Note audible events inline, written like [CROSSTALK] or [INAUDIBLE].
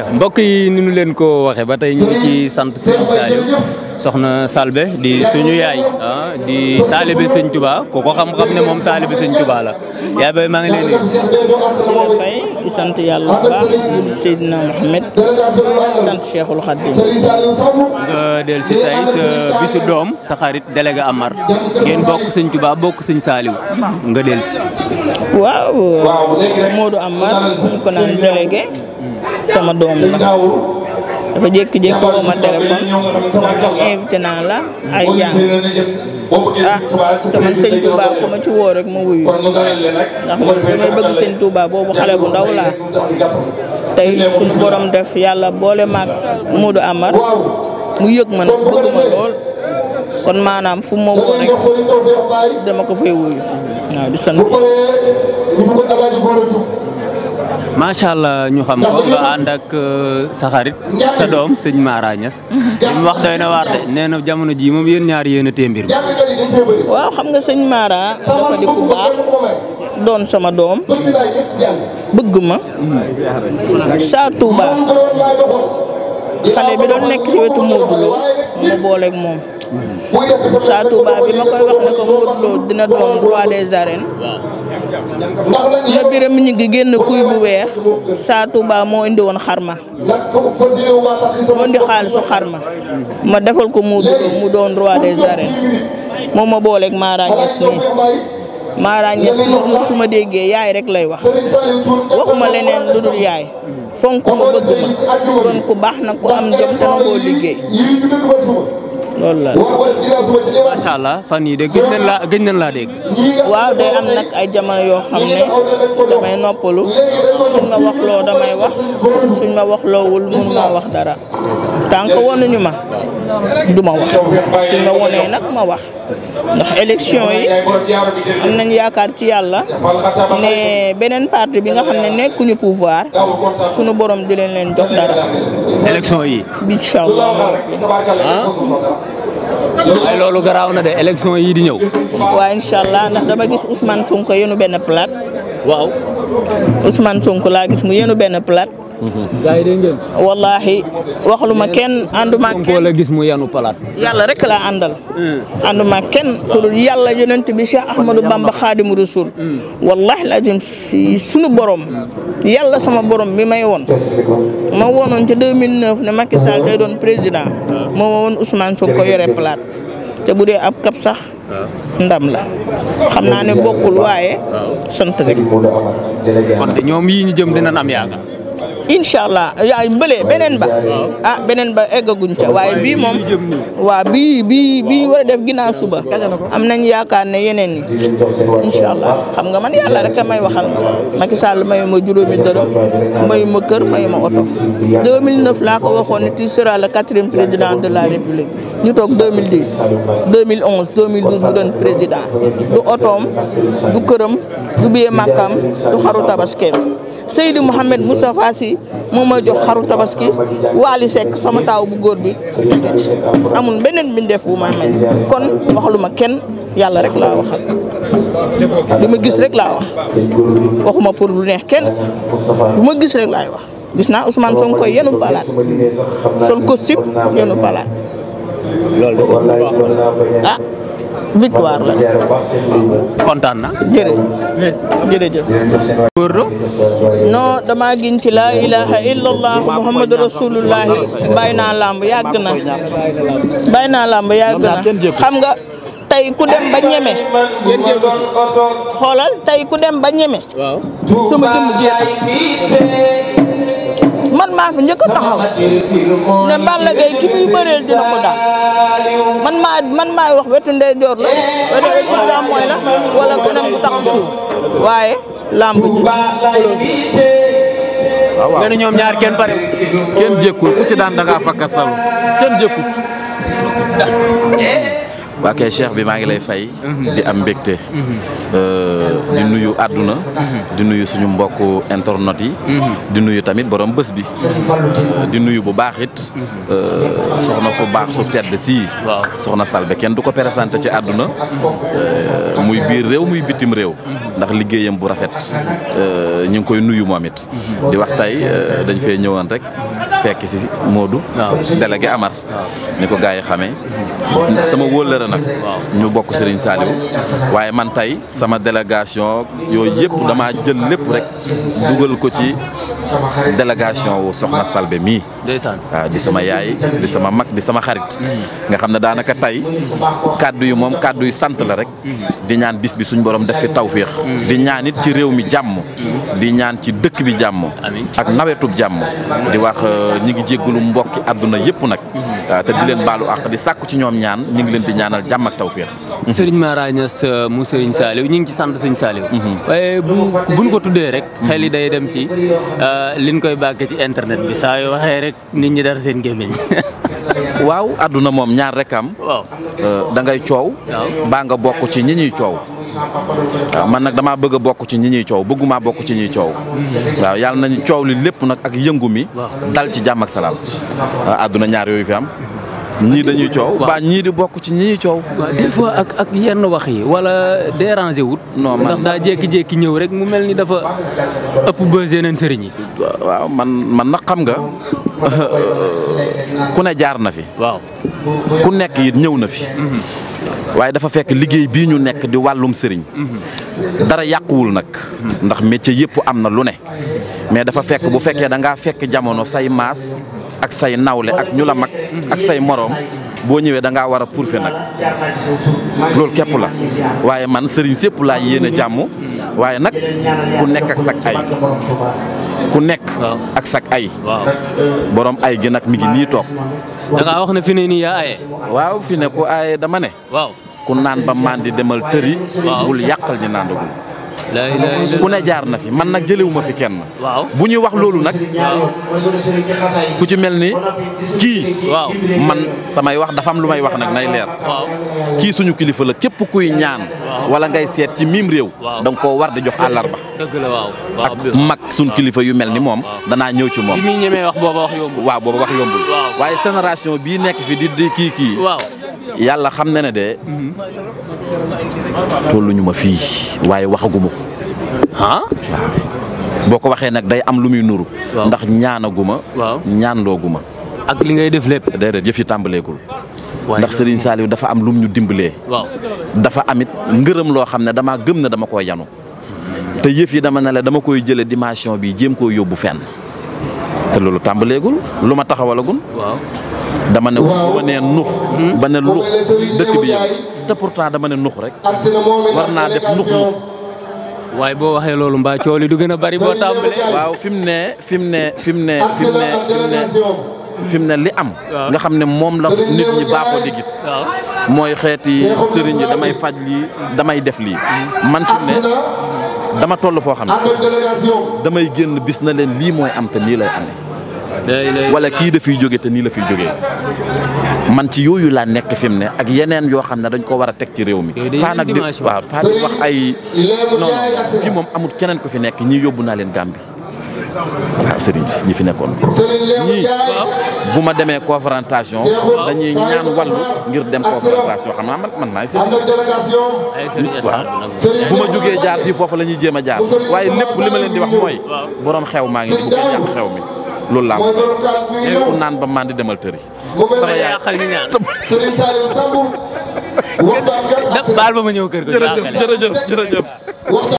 acca mbokk yi ni ñu leen ko waxee ba tey ñu ngi ci sant Serigne Saliou soxna Salbe di suñu yaay ah, di taalibe Sëñ Tuba ku ko xam-xam ne moom taalibe Sëñ Tuba la yaay bay maa ngi leen sant yàlla bu baax di Seydina Mohamed sant nga del si tey doom sa xarit délégué Amar ngeen bokk Sëñ Tuba bokk Sëñ Saliou nga del waaw Modou Amar ñu ko naan délégué. sama doom la dafa jékki-jékki ma téléphone invité naa la ay jàng ah te man sëñ Touba ma ci woo rek ma wuyu ndax damay bëgg sëñ Touba boobu xale bu ndaw laa tey suñu borom def yàlla boole maag Modou Amar mu yëg man bëgg ma lool kon maanaam fu ma woo rek ko fay wuyu waaw di sant. macha allah ñu xam ko nga ànd euh, sa doom sëñ Mara Niass. mu wax doy na waar de nee na jamono jii moom yéen ñaar yéen a téye mbir mi. waaw xam nga sëñ Mara dafa di ku baax doon sama doom bëgg ma. saa Touba xale bi doon nekk ci wetu mu booleeg moom. saa Touba bi ma koy wax ko Modou Lo dina doon roi des arènes. ndax biram ñu ngi génn kuy bu weex saatu Touba moo indi woon xarma moo indi xaalisu xarma ma defal ko mu mu doon roi des arènes moom ma booleek Mara Niass mi Mara Niass ma déggee yaay rek lay wax waxuma leneen lu dul yaay fonk ma bëgg ku baax na ku am jom te nangoo liggéey loolu la fan yii de gëj nañ laa gëj nañ laa dégg. am nag ay jamono yoo xam ne damay noppalu suñ ma wax loo damay wax suñ ma wax mun ma wax dara. tant que wonuñu ma du ma wax suñ ma wonee nag ma wax. ndax élection yi am nañ yaakaar ci yàlla ne beneen parti bi nga xam ne nekkuñu pouvoir sunu borom di leen leen jox dara. élection yi. incha ah? garaaw na de élection yii di ñëw. waaw incha allah ndax dama gis Ousmane Sonko yenu benn plate. waaw. Ousmane Sonko laa gis mu yenu benn plate. gaa yi dégg ngeen. wallaahi waxlu ma kenn ànduma ak kenn la gis mu yanu palaat. yàlla rek laa àndal. Hmm. ànduma ak kenn ku dul yàlla yonent bi Cheikh Ahmadou Bamba Xaadimu Rasul. Hmm. wallaahi lazim si sunu borom. yàlla sama borom mi may woon. ma woonoon ci 2009 ne Macky Sall day doon président. Hmm. moo ma woon Ousmane Sonko yore palaat. te bu dee ab kab sax. ndam la xam naa ne bokkul waaye. sant rek. ñoom yii ñu jëm dinañ am yaakaar. incha allah yaay mbëlee beneen ba a ah, beneen ba eggaguñ ca waaye bii moom waaw bii bii bii ñu war a def ginnaaw suba am nañ yaakaar ne yeneen yi incha allah xam nga man yàlla rek a may waxal Macky Sall mayu ma juróomi dërëm mayu ma kër mayu ma oto 2009 laa ko waxoon ne tu seras le quatrième président de la république ñu toog 2010 2011 2012 bu doon président du otoom du këram du biyee màkkam du xaru tabaskeem Seydou Mouhamed Moustapha Sy moom mooy jox xaru tabaski Waly sama taaw bu góor bi amul beneen mbindeef bu ma amee kon waxaluma kenn yàlla rek laa waxal li gis rek laa wax waxuma pour lu neex kenn lu ma gis rek laay wax gis naa Ousmane Sonko koy yenu palaat sol costume yenu palaat loolu ah victoire la kontaan na jërëjëf jërëjëf góorlu non dama giñ laa ilaha illallah muhammadu rasulullahi bàyyi naa làmb yàgg na bàyyi naa làmb na xam nga tey ku dem ba ñeme xoolal tey ku dem ba ñeme sama jëmm jeex man maa fi njëkk taxaw ne Balla Gaye ki muy bëreel dina ko daal man maa man maay wax wetu ndey joor la wetu wetu mooy tax suuf waaye làmb ji waaw ñoom ñaar kenn pare. kenn jékkul ku ci daan da ngaa fakkastalu kenn jékkul. Eh? waa kay Cheikh bi maa ngi lay fay. Mhm. di am mbégte. Mhm. Euh, di nuyu àdduna. Mhm. di nuyu suñu mbokk internet yi. di nuyu tamit borom bés bi. Euh, di nuyu bu baax it. Euh, soxna su baax su tedd si soxna Selbé kenn du ko présenté ci àdduna. muy biir réew muy bitim réew. ndax liggéeyam bu rafet. ñu ngi koy nuyu moom it. di wax tey dañ fee ñëwaan rek. fekk si Modou. délégué Amar. ni ko gaa yi xamee. sama wóllëre nag. ñu bokk Serigne Saliou. waaye man tey sama délégation yooyu yëpp dama jël lépp rek dugal ko ci délégation wu Soxna Salbé mii. waaw di sama yaay di sama mag di sama xarit. Mm-hmm. nga xam ne daanaka tey kàddu yu moom kàddu yi sant la rek. Mm-hmm. di ñaan bis bi suñ borom def fi tawféex. Mm-hmm. di ñaan it ci réew mi jàmm. di ñaan ci dëkk bi jàmm. ak nawetu jàmm di wax ñi ngi jéggalu mbokki àdduna yëpp nag mm-hmm. te di leen baalu àq di sàkku ci ñoom ñaan ñi ngi leen di ñaanal jàmm ak tawféex mm-hmm. Serigne Mara Niass euh, mu Serigne Saliou ñi ngi ci sant Serigne Saliou mm-hmm. waaye bu buñ ko tuddee rek xel yi day dem ci euh, liñ koy bàkke ci internet bi saa yoo waxee rek nit ñi dara seen gémmiñ waaw àdduna moom ñaar rek am euh, da coow baa nga bokk ci ñi ñuy coow waaw man nag damaa bëgg a bokk ci ñi ñuy coow bëggumaa bokku ci ñuy coow waaw yàlla nañu coow li lépp nag ak yëngu mi dal ci jàmm ak salaam àdduna ñaar yooyu fi am ñii dañuy coow ba ñii di bokk ci ñi ñuy coow. des fois ak yenn wax yi wala déranger wut. non man daa jékki-jékki ñëw rek mu mel ni dafa ëpp bës yeneen sëriñ yi. waaw man man nag xam nga [LAUGHS] ku ne jaar na fi. waaw ku nekk it ñëw na fi. Mhm. waaye dafa fekk liggéey bii ñu nekk di wàllum sëriñ dara yàquwul nag ndax métier yëpp am na lu ne mais dafa fekk bu fekkee da ngaa fekk jamono say maas ak say nawle ak ñu la mag ak say moroom boo ñëwee da ngaa war a pourfe nag loolu képp la waaye man sëriñ sépp laa yéene jàmm waaye nag ku nekk ak sak ay ku nekk. ak sak ay. borom ay gi nag mi ngi nii toog. da wax ne fi ne nii yaa aye. waaw fi ne ku aye dama ne. waaw ku naan ba màndi demal tëri. bul yàqal ñi naan dugul ku ne jaar na fi man nag jëlewuma fi kenn. waaw bu ñuy wax loolu nag. ku ci mel ni kii. waaw man samay wax dafa am lu may wax nag nay leer. kii suñu kilifa la képp kuy ñaan. walla ngay seet ci miim réew. da nga koo war di jox àllarba. dëgg la waaw ak mag suñu kilifa yu mel ni moom. danaa ñëw ci moom. bi muy ñemee wax booba wax yombul. waaw booba wax yombul. waaye génération bii nekk fi di di kii kii. yàlla xam na ne de. tolluñu ma fii waaye waxaguma ko. boo ko waxee nag day am lu muy nuru. ndax ñaanaguma. waaw ñaandooguma. ak li ngay def lépp. déedéet jëf yi tàmbaleegul. ndax Serigne Saliou dafa am lum ñu dimbalee. dafa amit ngërëm loo xam ne damaa gëm na dama koo yanu. te yëf yi dama ne dama koy jëlee dimension bii jéem koo yóbbu fenn. te loolu tàmbaleegul lu ma taxawalagul. waaw dama ne bu ma nee nux ba hmm? ne lux dëkk bi yëpp te pourtant dama ne nux rek war naa def nux nux waaye boo waxee loolu mbaa coow du gën a bari boo tàmbalee. waaw fi mu ne fi mu ne fi mu ne fi mu ne fi li am. nga xam ne moom la nit ñi baaxoo di gis. mooy xeeti sëriñ yi damay faj li damay def lii. Hmm. man fi ne dama toll foo xam ne damay génn bis na leen lii mooy am te nii lay amee. wala kii dafiy jóge te nii la fiy jógee man ci yooyu laa nekk fi ne ak yeneen yoo xam ne dañ ko war a teg ci réew mi pa di waaw pa di wax ay non fii moom amul keneen ku fi nekk ñii yóbbu naa leen Gàmbi waaw ah, sëriñ si ñi fi nekkoon bu ma demee confrontation dañuy ñaan wàllu ngir dem confrontation xam naa man man maay sëriñ bu ma jógee jaar fii foofu lañuy ñuy jéem a jaar waaye lépp li ma leen di wax mooy boroom xew maa ngi di bu ko xew mi loolu laa ko naan ba mandi demal tëri. sama yaay xar ñu ñaan Serigne Saliou Samb [LAUGHS] waxtaan kat baal ba ma ñëw kër ga jërëjëf jërëjëf